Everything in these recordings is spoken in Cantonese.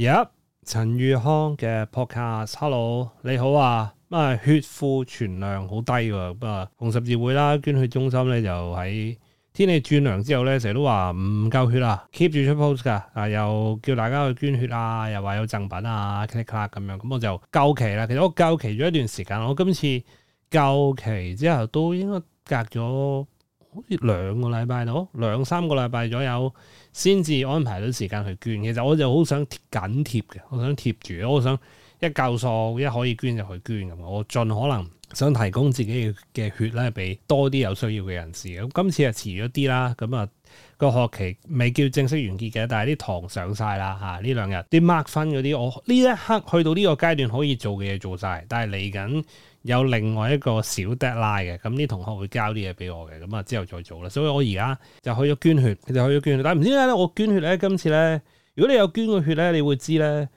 而家陳宇康嘅 podcast，Hello，你好啊，咁啊血庫存量好低喎，咁啊紅十字會啦，捐血中心咧就喺天氣轉涼之後咧成日都話唔夠血啦，keep 住出 post 噶，啊又叫大家去捐血啊，又話有贈品啊，click 啦咁樣，咁、嗯、我就夠期啦，其實我夠期咗一段時間，我今次夠期之後都應該隔咗。好似兩個禮拜到，兩三個禮拜左右先至安排到時間去捐。其實我就好想貼緊貼嘅，我想貼住，我想一夠數一可以捐就去捐咁。我盡可能想提供自己嘅血咧俾多啲有需要嘅人士。咁今次係遲咗啲啦，咁啊個學期未叫正式完結嘅，但係啲堂上晒啦嚇。呢兩日啲 mark 分嗰啲，我呢一刻去到呢個階段可以做嘅嘢做晒。但係嚟緊，有另外一個小 deadline 嘅，咁啲同學會交啲嘢俾我嘅，咁啊之後再做啦。所以我而家就去咗捐血，就去咗捐血。但係唔知點解咧，我捐血咧今次咧，如果你有捐過血咧，你會知咧，誒、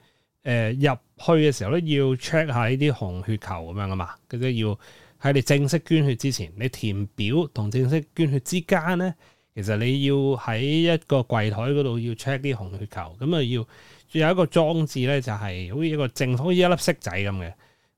呃、入去嘅時候咧要 check 下呢啲紅血球咁樣㗎嘛，即係要喺你正式捐血之前，你填表同正式捐血之間咧，其實你要喺一個櫃台嗰度要 check 啲紅血球，咁啊要仲有一個裝置咧就係、是、好似一個正好似一粒骰仔咁嘅。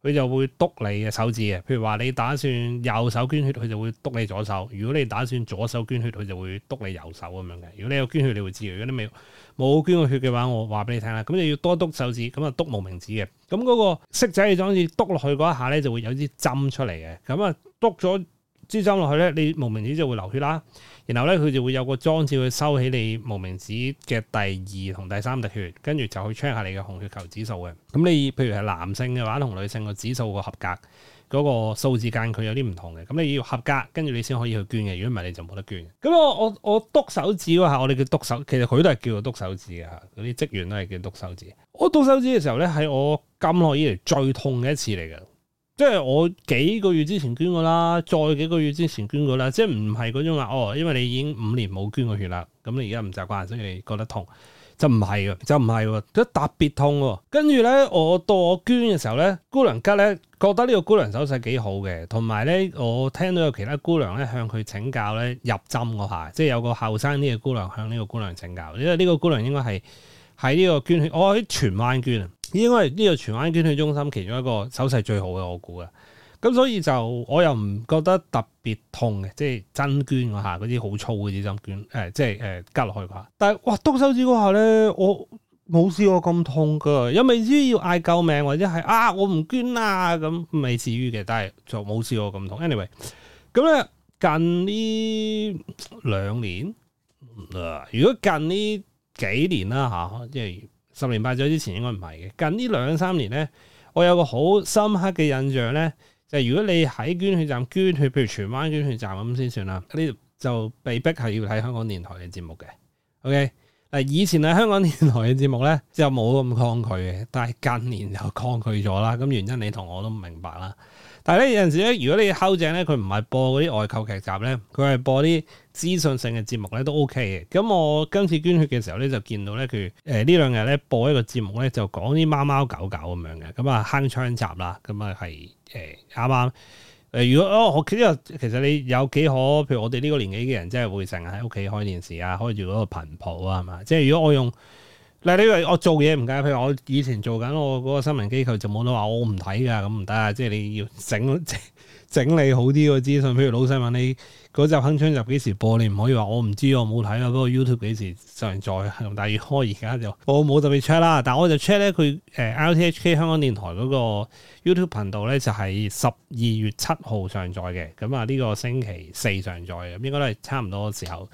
佢就會篤你嘅手指嘅，譬如話你打算右手捐血，佢就會篤你左手；如果你打算左手捐血，佢就會篤你右手咁樣嘅。如果你有捐血，你會知；如果你未冇捐過血嘅話，我話俾你聽啦，咁你要多篤手指，咁啊篤無名指嘅。咁嗰個骰仔，你就好似篤落去嗰一下咧，就會有啲針出嚟嘅。咁啊篤咗。支針落去咧，你無名指就會流血啦。然後咧，佢就會有個裝置去收起你無名指嘅第二同第三滴血，跟住就去 check 下你嘅紅血球指數嘅。咁你譬如係男性嘅話，同女性個指數個合格嗰個數字間佢有啲唔同嘅。咁你要合格，跟住你先可以去捐嘅。如果唔係，你就冇得捐。咁我我我督手指啊吓，我哋叫督手，其實佢都係叫做督手指嘅吓。嗰啲職員都係叫督手指，督手指。我督手指嘅時候咧，係我咁耐以嚟最痛嘅一次嚟嘅。即係我幾個月之前捐過啦，再幾個月之前捐過啦，即係唔係嗰種話哦，因為你已經五年冇捐過血啦，咁你而家唔習慣，所以你覺得痛，就唔係噶，就唔係，佢特別痛。跟住咧，我到我捐嘅時候咧，姑娘家咧覺得呢個姑娘手勢幾好嘅，同埋咧我聽到有其他姑娘咧向佢請教咧入針嗰下，即係有個後生啲嘅姑娘向呢個姑娘請教，因為呢個姑娘應該係喺呢個捐血，我喺荃灣捐啊。應該係呢個荃灣捐血中心其中一個手勢最好嘅，我估啊，咁所以就我又唔覺得特別痛嘅，即係真捐嗰下嗰啲好粗嗰啲針捐，誒、呃，即係誒拮落去嘅。但係哇，篤手指嗰下咧，我冇試過咁痛嘅，又未至於要嗌救命或者係啊，我唔捐啦咁，未至於嘅，但係就冇試過咁痛。anyway，咁咧近呢兩年，如果近呢幾年啦吓，即係。十年八載之前應該唔係嘅，近呢兩三年咧，我有個好深刻嘅印象咧，就係、是、如果你喺捐血站捐血，捐血譬如荃灣捐血站咁先算啦，你就被逼係要睇香港電台嘅節目嘅，OK。以前喺香港電台嘅節目呢，就冇咁抗拒嘅，但係近年就抗拒咗啦。咁原因你同我都明白啦。但係呢，有陣時呢，如果你敲正呢，佢唔係播嗰啲外購劇集呢，佢係播啲資訊性嘅節目呢都 OK 嘅。咁我今次捐血嘅時候呢，就見到呢，佢誒、呃、呢兩日呢播一個節目呢，就講啲貓貓狗狗咁樣嘅，咁啊鏗鏘集啦，咁啊係誒啱啱。呃剛剛，誒如果哦，我其實其實你有幾可，譬如我哋呢個年紀嘅人，真係會成日喺屋企開電視啊，開住嗰個頻譜啊，係嘛？即係如果我用。嗱，你話我做嘢唔得，譬如我以前做緊我嗰個新聞機構就冇得話，我唔睇噶，咁唔得啊！即係你要整整整理好啲個資訊。譬如老細問你嗰集鏗鏘集幾時播，你唔可以話我唔知，我冇睇啊。不、那、過、個、YouTube 幾時上載但大熱而家就我冇特別 check 啦，但係我，我就 check 咧佢誒 RTHK 香港電台嗰個 YouTube 頻道咧，就係十二月七號上載嘅。咁啊，呢個星期四上載，咁應該都係差唔多時候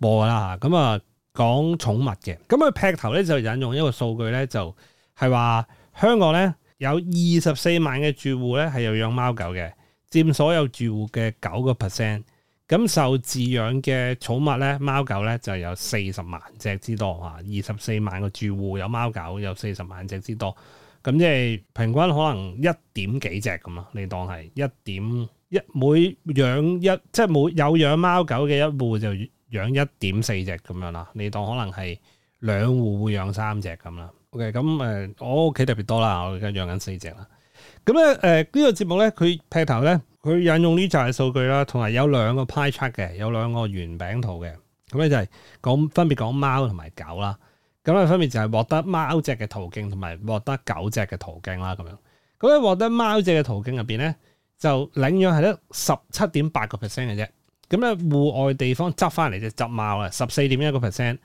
播啦嚇。咁啊～講寵物嘅，咁佢劈頭咧就引用一個數據咧，就係話香港咧有二十四萬嘅住戶咧係有養貓狗嘅，佔所有住戶嘅九個 percent。咁受飼養嘅寵物咧，貓狗咧就有四十萬隻之多啊！二十四萬個住戶有貓狗，有四十萬隻之多。咁即係平均可能一點幾隻咁啊？你當係一點一每養一即係每有養貓狗嘅一戶就。養一點四隻咁樣啦，你當可能係兩戶會養三隻咁啦。OK，咁誒、呃，我屋企特別多啦，我而家養緊四隻啦。咁咧誒呢個節目咧，佢劈頭咧，佢引用呢紮嘅數據啦，同埋有兩個 pie chart 嘅，有兩個圓餅圖嘅。咁咧就係講分別講貓同埋狗啦。咁咧分別就係獲得貓隻嘅途徑同埋獲得狗隻嘅途徑啦。咁樣咁咧獲得貓隻嘅途徑入邊咧，就領養係得十七點八個 percent 嘅啫。咁咧，戶外地方執翻嚟就執貓啊，十四點一個 percent；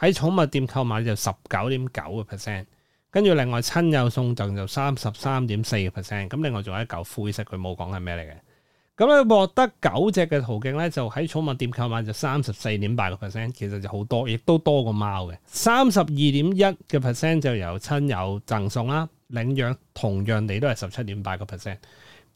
喺寵物店購買就十九點九個 percent，跟住另外親友送贈就三十三點四個 percent。咁另外仲有一嚿灰色，佢冇講係咩嚟嘅。咁咧獲得狗隻嘅途徑咧，就喺寵物店購買就三十四點八個 percent，其實就好多，亦都多過貓嘅。三十二點一嘅 percent 就由親友贈送啦，領養同樣地都係十七點八個 percent。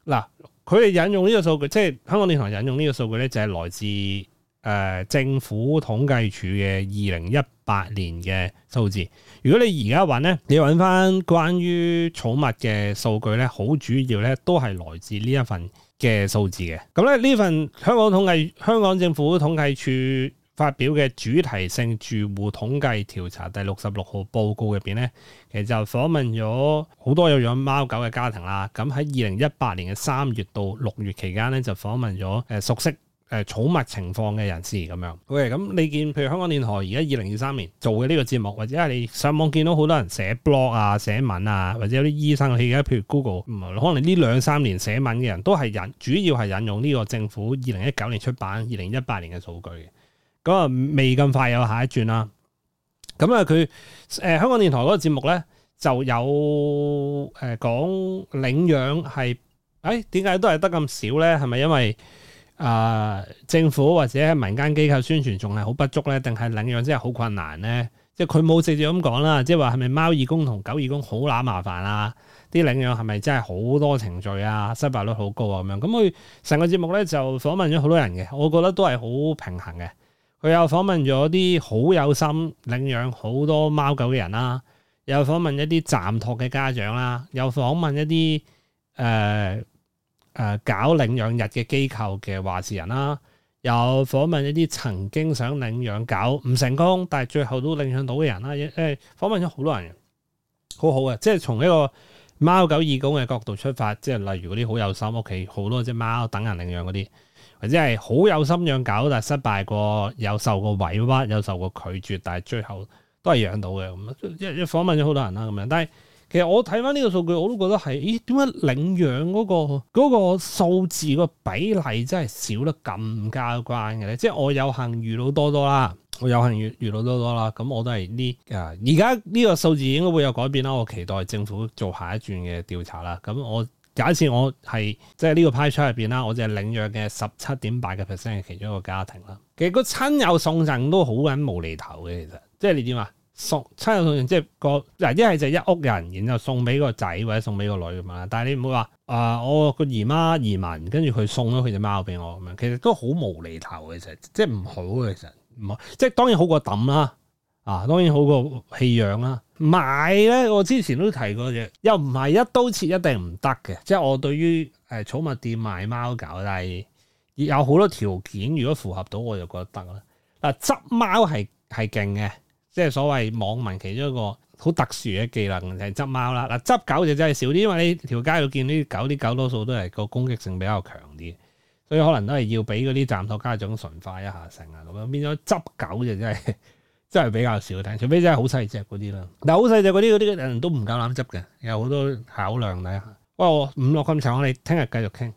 嗱，佢哋引用呢個數據，即係香港電台引用呢個數據咧，就係、是、來自誒、呃、政府統計處嘅二零一八年嘅數字。如果你而家揾咧，你揾翻關於寵物嘅數據咧，好主要咧都係來自呢一份嘅數字嘅。咁咧呢份香港統計、香港政府統計處，發表嘅主題性住戶統計調查第六十六號報告入邊咧，其實就訪問咗好多有養貓狗嘅家庭啦。咁喺二零一八年嘅三月到六月期間咧，就訪問咗誒、呃、熟悉誒、呃、寵物情況嘅人士咁樣。喂，咁你見譬如香港電台而家二零二三年做嘅呢個節目，或者係你上網見到好多人寫 blog 啊、寫文啊，或者有啲醫生，你而家，譬如 Google，嗯，可能呢兩三年寫文嘅人都係引主要係引用呢個政府二零一九年出版二零一八年嘅數據嘅。咁未咁快有下一轉啦。咁、嗯、啊，佢誒、呃、香港電台嗰個節目咧，就有誒、呃、講領養係誒點解都係得咁少咧？係咪因為啊、呃、政府或者民間機構宣傳仲係好不足咧？定係領養真係好困難咧？即係佢冇直接咁講啦，即係話係咪貓義工同狗義工好揦麻煩啊？啲領養係咪真係好多程序啊？失敗率好高啊咁樣？咁佢成個節目咧就訪問咗好多人嘅，我覺得都係好平衡嘅。佢又訪問咗啲好有心領養好多貓狗嘅人啦，又訪問一啲暫託嘅家長啦，又訪問一啲誒誒搞領養日嘅機構嘅話事人啦，又訪問一啲曾經想領養狗唔成功但係最後都領養到嘅人啦，誒、哎、訪問咗好多人，好好嘅，即係從一個貓狗義工嘅角度出發，即係例如嗰啲好有心屋企好多隻貓等人領養嗰啲。或者係好有心養狗，但係失敗過，有受過委屈，有受過拒絕，但係最後都係養到嘅咁。即係訪問咗好多人啦咁啊，但係其實我睇翻呢個數據，我都覺得係，咦點解領養嗰個嗰個數字個比例真係少得咁交關嘅咧？即係我有幸遇到多多啦，我有幸遇遇到多多啦，咁我都係呢而家呢個數字應該會有改變啦，我期待政府做下一轉嘅調查啦。咁我。假設我係即係呢個派出入邊啦，我就領養嘅十七點八嘅 percent 嘅其中一個家庭啦。其實個親友送贈都好緊無厘頭嘅，其實即係你點啊？送親友送贈即係個嗱，一係就係一屋人，然後送俾個仔或者送俾個女咁啦。但係你唔會話啊，我個姨媽姨文跟住佢送咗佢隻貓俾我咁樣，其實都好無厘頭嘅，其實即係唔好嘅，其實唔好，即係當然好過抌啦。啊，當然好過棄養啦。買呢，我之前都提過嘅，又唔係一刀切一定唔得嘅。即係我對於誒寵、呃、物店買貓狗，但係有好多條件。如果符合到，我就覺得啦。嗱、啊，執貓係係勁嘅，即係所謂網民其中一個好特殊嘅技能就係、是、執貓啦。嗱、啊，執狗就真係少啲，因為你條街度見啲狗，啲狗多數都係個攻擊性比較強啲，所以可能都係要俾嗰啲暫託家長馴化一下成啊咁樣。變咗執狗就真係～ 真係比較少聽，除非真係好細隻嗰啲啦。但係好細隻嗰啲啲人都唔夠膽執嘅，有好多考量睇下，喂、嗯哦，我五六咁長，我哋聽日繼續傾。